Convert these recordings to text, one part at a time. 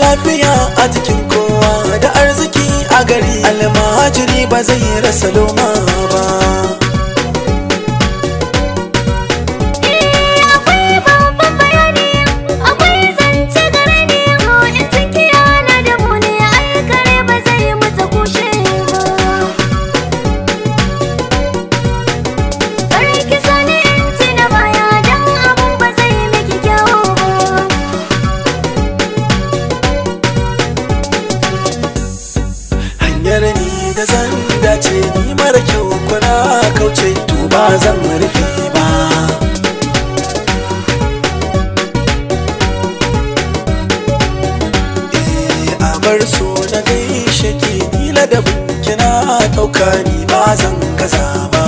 lafiya a jikin kowa da arziki a gari almahajiri ba zai rasa loma ba zan rufe ba bar so na gaishe ke nila da ɗauka ni ba zan gaza ba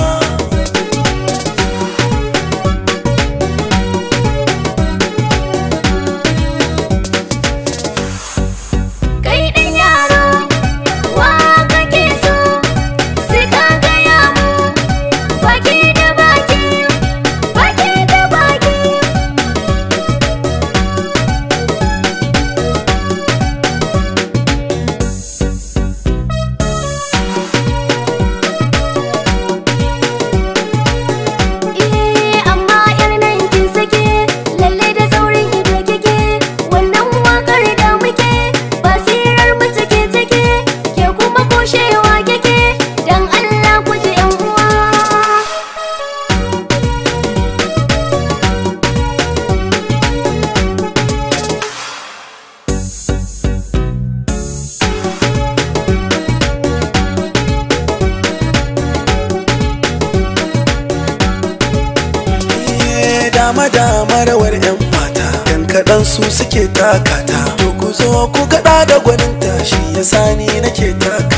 dama dama rawar yan mata yan kaɗan su suke takata to ku zo ku gaɗa da gwanin tashi ya sani nake taka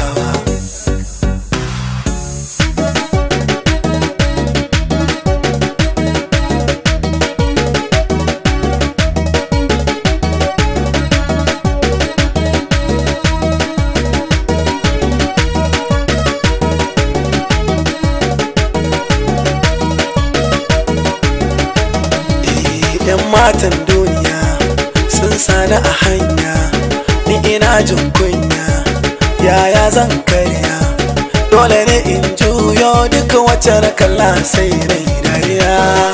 matan duniya sun sani a hanya ni ina jin kunya yaya zan karya dole ne in juyo duk wacce na kalla sai rai dariya